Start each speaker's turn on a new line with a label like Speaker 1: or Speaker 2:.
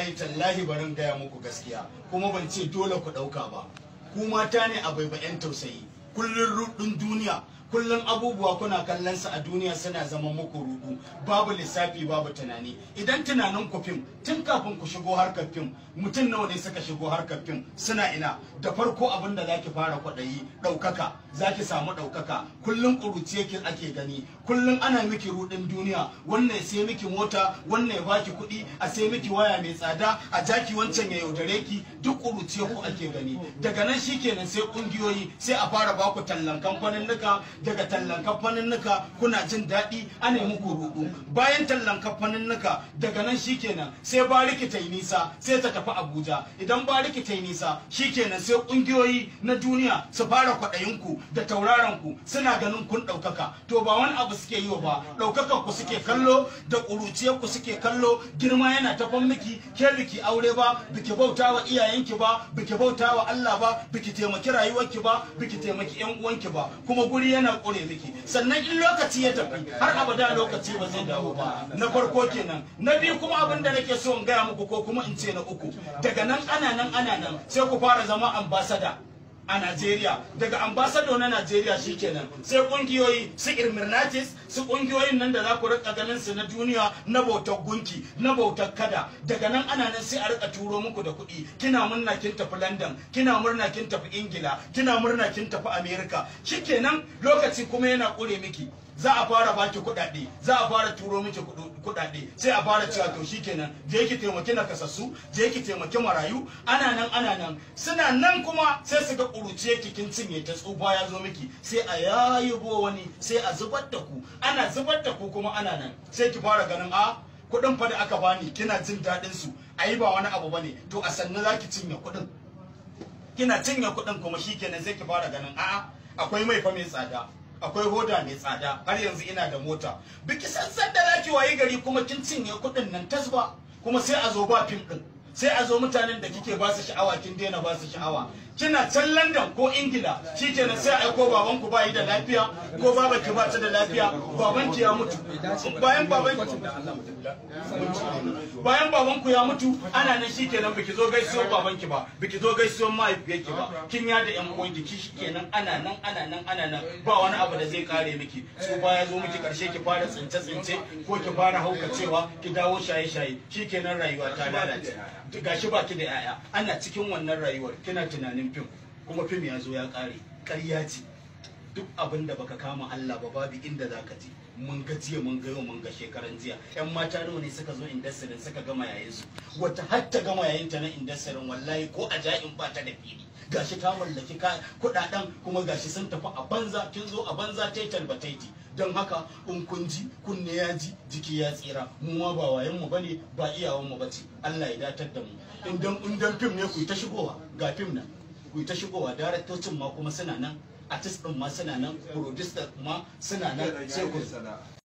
Speaker 1: ai tallahi barin gaya muku gaskiya kuma ban ce dole ku ɗauka ba ku mata ne a bai yan tausayi kullun ruɗin duniya kullum abubuwa kuna kallon sa a duniya suna zama muku rudu babu lissafi babu tunani idan tunanin ku fim tun kafin ku shigo harkar fim mutum nawa ne suka shigo harkar fim suna ina da farko abin da zaki fara kwaɗayi ɗaukaka zaki samu ɗaukaka kullum ƙuruciye yake ake gani kullum ana miki rudin duniya wannan ya sai miki mota wannan ya baki kuɗi a sai miki waya mai tsada a jaki wancan ya yaudare ki duk ƙuruciye ku ake gani daga nan shikenan sai ƙungiyoyi sai a fara baku tallan kamfanin nuka daga tallan nuka kuna jin daɗi a muku ku bayan tallan nuka daga nan shikenan sai bariki ta nisa sai ta tafi abuja idan bariki ta nisa shikenan sai ƙungiyoyi na duniya su fara kwaɗayin ku da tauraron ku suna ganin kun ɗaukaka to ba wani abu suke yi ba ɗaukakar ku suke kallo da ƙuruciyar ku suke kallo girma yana ta miki ke biki aure ba biki bauta wa iyayenki ba biki bauta wa Allah ba biki taimaki rayuwarki ba biki taimaki ƴan uwanki ba kuma guri yana ina kore miki sannan in lokaci ya tafi har abada lokaci ba zai dawo ba na farko kenan na biyu kuma abin da nake so in gaya muku ko kuma in ce na uku daga nan ana nan ana nan sai ku fara zama ambasada a Najeriya daga ambasado na Najeriya shi kenan sai kungiyoyi su Irmirnatis su kungiyoyin nan da za ku rika ganin su na duniya na bautar gunki na bautar kada daga nan ana nan sai a rika turo muku da kuɗi kina murna kin tafi London kina murna kin tafi Ingila kina murna kin tafi America kenan lokaci kuma yana kure miki za a fara baki kuɗaɗe za a fara turo miki kuɗaɗe sai a fara cewa to shikenan je ki taimaki kasassu je ki taimaki marayu ana nan ana nan suna nan kuma sai su ga ƙuruciye ki kin cinye ta tsufa ya zo miki sai a yayibo wani sai a zubar da ku ana zubar da ku kuma ana nan sai ki fara ganin a ah, kuɗin fa da aka bani kina jin daɗin su ayi ba wani abu bane to a sanna za ki cinye kuɗin kina cinye kuɗin kuma shikenan sai ki fara ganin a akwai mai fa mai tsada akwai hoda mai tsada har yanzu ina da mota biki san da zaki waye gari kuma kin cinye kuɗin nan tasba kuma sai a zo ba fim din sai a zo mutanen da kike ba su sha'awa kin daina ba su sha'awa kina can London ko Ingila na sai aiko baban ku bayi da lafiya ko baba ki ba ta da lafiya baban ki ya mutu bayan baban bayan baban ku ya mutu ana nan shikenan biki zo gaisuwar baban ki ba biki zo gaisuwar mahaifiyar ki ba kin ya da yan uwan ki shikenan ana nan ana nan ana nan ba wani abu da zai kare miki su baya zo miki karshe ki fara tsince tsince ko ki fara haukacewa ki dawo shaye shaye shikenan rayuwa ta lalace gashi baki da yaya ana cikin wannan rayuwar kina tunanin fim kuma fim ya zo ya kare ƙarya ce duk abin da baka kama Allah ba babu inda zaka ka je mun ga jiya mun ga yau mun ga shekaran jiya yan mata nawa ne suka zo industry suka gama yayin su wata har ta gama yayin ta na industry wallahi ko a ja'in ba ta da fili gashi ta mallaki kudaden kuma gashi sun tafi a banza kin zo a banza taitar ba taiti don haka in kun ji kunne ya ji jiki ya tsira mu ma ba wayan mu bane ba iyawan mu bace Allah ya datar da mu in dan in dan fim ne ku ta shigowa ga fim nan ku ta shigowa daraktocin ma kuma suna nan artist din ma suna nan producer ma suna nan sai